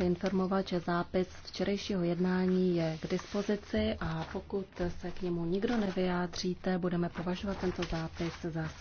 chci informovat, že zápis včerejšího jednání je k dispozici a pokud se k němu nikdo nevyjádříte, budeme považovat tento zápis za schválený.